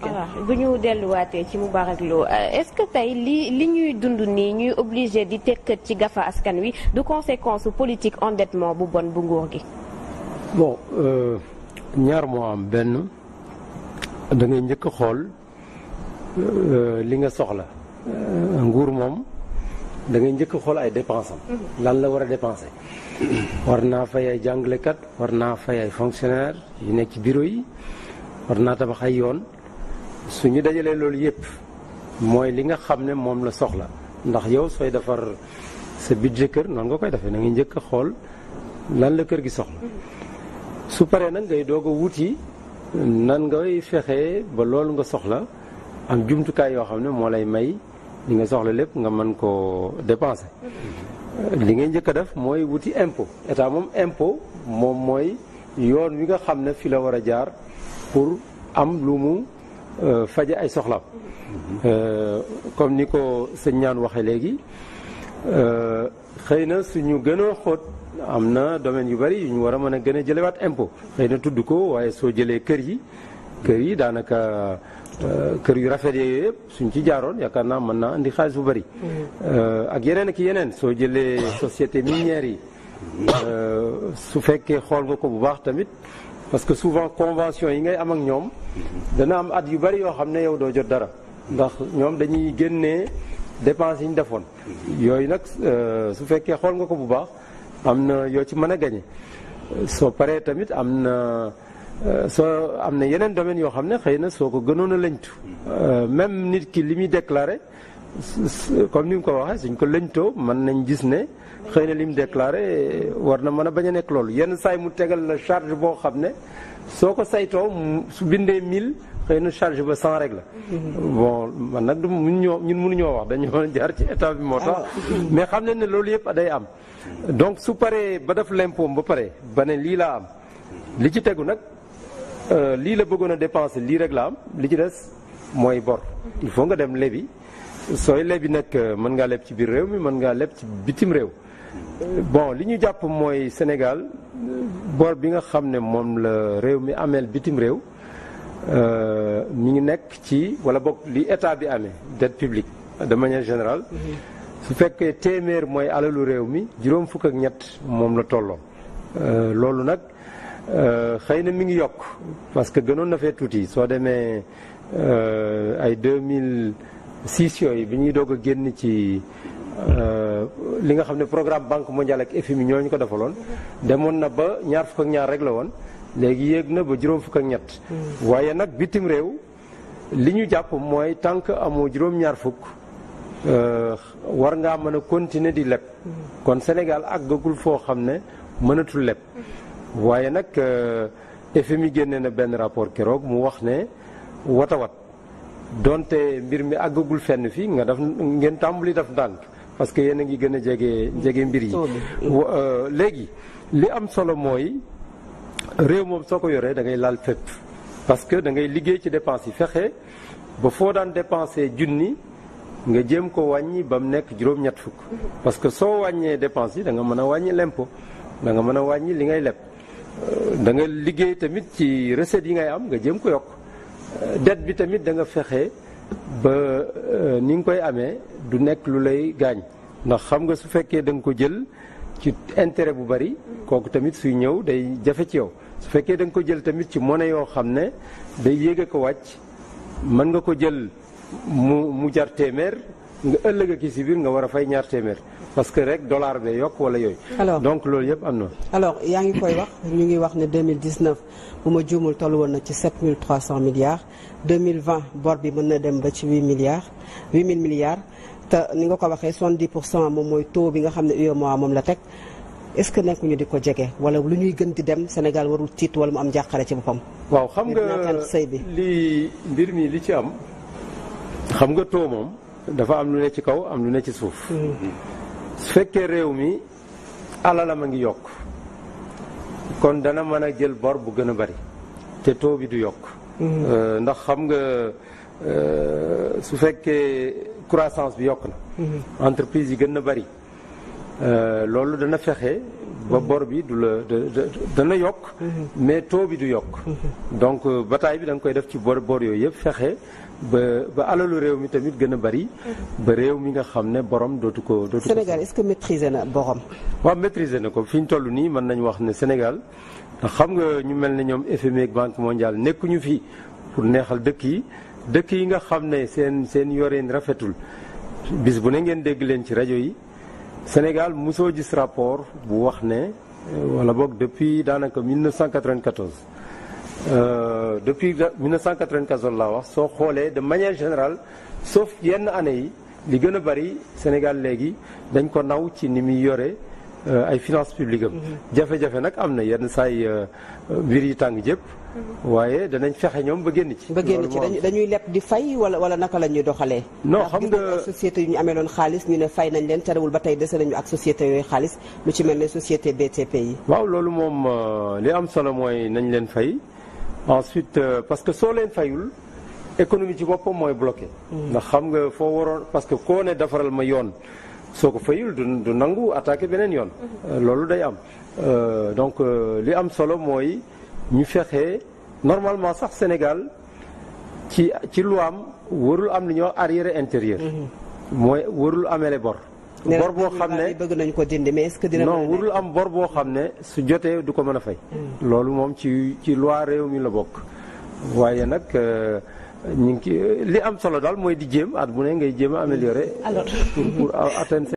voilà ah, bu ñu delluwaatee ci Moubarak loo euh, est-ce que tey li li ñuy dund nii ñuy obligé di tekkat ci gafa askan wi du conséquence politique endettement bu bon bu nguur gi. Euh, ñaar moo am benn dangay njëkk a xool euh, li nga soxla nguur moom da ngay njëkk xool ay dépenses mhm. lan la war a dépenser. war naa fay ay jàngalekat war naa fay ay fonctionnaires yu nekk ci bureau yi war naa tabax ay yoon. su ñu dajalee loolu yëpp mooy li nga xam ne moom la soxla ndax yow sooy defar sa budget kër noonu nga koy defee na nga njëkk a xool lan la kër gi soxla su paree nag ngay doog a wuti nan ngay fexee ba loolu nga soxla am jumtukaay yoo xam ne moo lay may li nga soxla lépp nga mën koo dépenser. Mm-hmm. li ngay njëkk def mooy wuti impo état moom impo moom mooy yoon wi nga xam ne fi la war a jaar pour am lu mu. Euh, faje ay soxlaam euh, comme ni ko sëñ ñaan waxee léegi euh, xëy na suñu gën a xóot am na domaine yu bari yu ñu war a mën a gën a jëlewaat impo xëy na tudd ko waaye soo jëlee kër yi kër yi daanaka kër yu rafet yooyu yëpp suñ ci jaaroon yaakaar naa mën naa indi xaalis bu bari mm-hmm. ak yeneen ak yeneen soo jëlee société minière yi Euh, su fekkee xool nga ko bu baax tamit parce que souvent convention yi ngay am ak ñoom dana am at yu bari yoo xam ne yow doo jot dara ndax ñoom dañuy génnee dépenses yi ñu defoon yooyu nag euh, su fekkee xool nga ko bu baax am na yoo ci mën a gañe soo paree tamit am na euh, soo am na yeneen domaines yoo xam ne xëy na soo ko gënoon a lañtu même nit ki li muy déclaré comme ni mu ko waxee suñ ko lëñtoo mën nañ gis ne xëy na li mu déclaré war na mën a bañ a nekk loolu yenn saay mu tegal la charge boo xam ne soo ko saytoo su bindee 1000 xëy na charge ba 100 rek la. bon man nag du mun ñoo ñun mënuñoo wax dañoo jaar ci état bi moo tax. mais xam nañ ne loolu yëpp day am. donc su paree ba def lempoom ba pare ba ne lii laa am li ci tegu nag euh, lii la bëggoon a dépenser lii rek la am li ci des mooy bor il faut nga dem lebi. sooy lebi nag euh, mën ngaa leb ci biir réew mi mën ngaa leb ci bitim réew bon li ñu jàpp mooy Sénégal euh, bor bi nga xam ne moom la réew mi ameel bitim réew euh, mi ngi nekk ci walla bokk li état bi amee dette publique de manière générale mhm. su fekkee téeméer mooy alalu réew mi juróom fukk ak ñett moom la tolloo loolu nag xëy na mi ngi yokk parce que gënoon na fee tuuti soo demee ay deux mille siis yooyu bi ñuy doog a génn ci euh, li nga xam ne programme banque mondiale ak FMI ñooñu ko defaloon demoon na ba ñaar fukk ak ñaar rek la woon léegi yéeg na ba juróom fukk ak ñett mm. waaye nag bitim réew li ñu jàpp mooy tànk amoo juróom-ñaar fukk euh, war ngaa mën a continuer di leb mm. kon Sénégal àggagul foo xam ne mënatul leb waaye nag euh, FMI génne na benn rapport keroog mu wax ne watawat donte mbir mi àggagul fenn fii nga def ngeen tàmbali def ndànk parce que yéen a ngi gën a jege jege mbir yi. Euh, léegi li am solo mooy réew moom soo ko yoree da ngay laal fépp. parce que da ngay liggéey ci dépense yi fexe ba foo daan dépensé junni nga jëm ko wàññi ba mu nekk juróom-ñett fukk parce que soo wàññee dépense yi danga nga mën a wàññi lempo da nga mën a wàññi li ngay leb euh, da nga liggéey tamit ci recette yi ngay am nga jëm ko yokk. Euh, dette bi tamit da nga fexe ba euh, ni nga koy amee du nekk lu lay gaañ ndax xam nga su fekkee da nga ko jël ci intérêt bu bari kooku tamit suy ñëw day jafe ci yow su fekkee da nga ko jël tamit ci monnaie yoo xam ne day yéege ko wàcc mën nga ko jël mu mu jar téeméer nga ëllëg ak si biir nga war a fay ñaar téeméer parce que rek dollar bee yokk wala yooyu. alors donc loolu yëpp am na. alors yaa ngi koy wax ñu ngi wax ne 2019 bu ma juumul toll woon na ci 7300 milliards 2020 bor bi mën na dem ba ci 8 milliards 8000 milliards te ni nga ko waxee 70 pour cent moom mooy taux bi nga xam ne UEMOA moom la teg. est-ce que nekkuñu di ko jege wala lu ñuy gën di dem Sénégal warul tiit wala mu am jàqare ci boppam. waaw xam nga sëy bi lii mbir mii li ci am xam nga taux moom. dafa am lu ne ci kaw am lu ne ci suuf su fekkee réew mi alalam a ngi yokk kon dana mën a jël bor bu gën a bari te taux bi du yokk euh, ndax xam nga euh, su fekkee croissance bi yokk na mhm. entreprise yi gën na bari euh, loolu dana fexe ba bor bi du la dana yokk mais taux bi du yokk donc euh, bataay bi da nga koy def ci bor bor yooyu yëpp fexe ba ba alalu réew mi tamit gën a bari ba réew mi nga xam ne borom dootu ko dootu ko Sénégal est-ce que maîtriser na borom waaw maîtriser na ko fi ñu toll nii mën nañu wax ne Sénégal ndax xam nga ñu mel ne ñoom FMI ak Banque mondiale nekkuñu fii pour neexal dëkk yi dëkk yi nga xam ne seen seen yoreen rafetul bis bu ne ngeen dégg leen ci rajo yi Sénégal mosoo gis rapport bu wax ne euh, wala boog depuis daanaka 1994 euh, depuis 1994 laa wax soo xoolee de manière générale sauf yenn année yi li gën a bari Sénégal léegi dañ ko naw ci ni muy yore euh, ay finances publiques am. Mm-hmm. jafe-jafe nag am na yenn saay euh, mbir yi tàng jëpp. waaye danañ fexe ñoom ba génn ci. ba génn ci dañuy leb di fay wala wala naka la ñuy doxalee. non xam nga société yu ñu amee loon xaalis ñu ne fay nañ leen terewul ba tey dese nañu ak société yooyu xaalis lu ci mel ne société BTP yi. waaw loolu moom euh, li am solo mooy nañ leen fay ensuite euh, parce que soo leen fayul économie ci boppam mooy bloqué. Mm. ndax xam nga foo waroon parce que koo ne defaral ma yoon. soo ko fayul du du nangu attaqué beneen yoon. Mm-hmm. Euh, loolu day am donc li am solo mooy. ñu fexe normalement sax Sénégal ci ci luwaam warul am lu ñuy wax arrière intérieur. Mhm. mooy warul amele bor. bor boo xam ne bëgg nañ ko dindi mais est-ce que non warul am bor boo xam ne su jotee du ko mën a fay. Mhm. loolu moom ci ci loi réew mi la bokk. waaye nag euh, ñu ngi li am solo daal mooy di jéem at bu ne ngay jéem a améliorer. pour pour atteindre.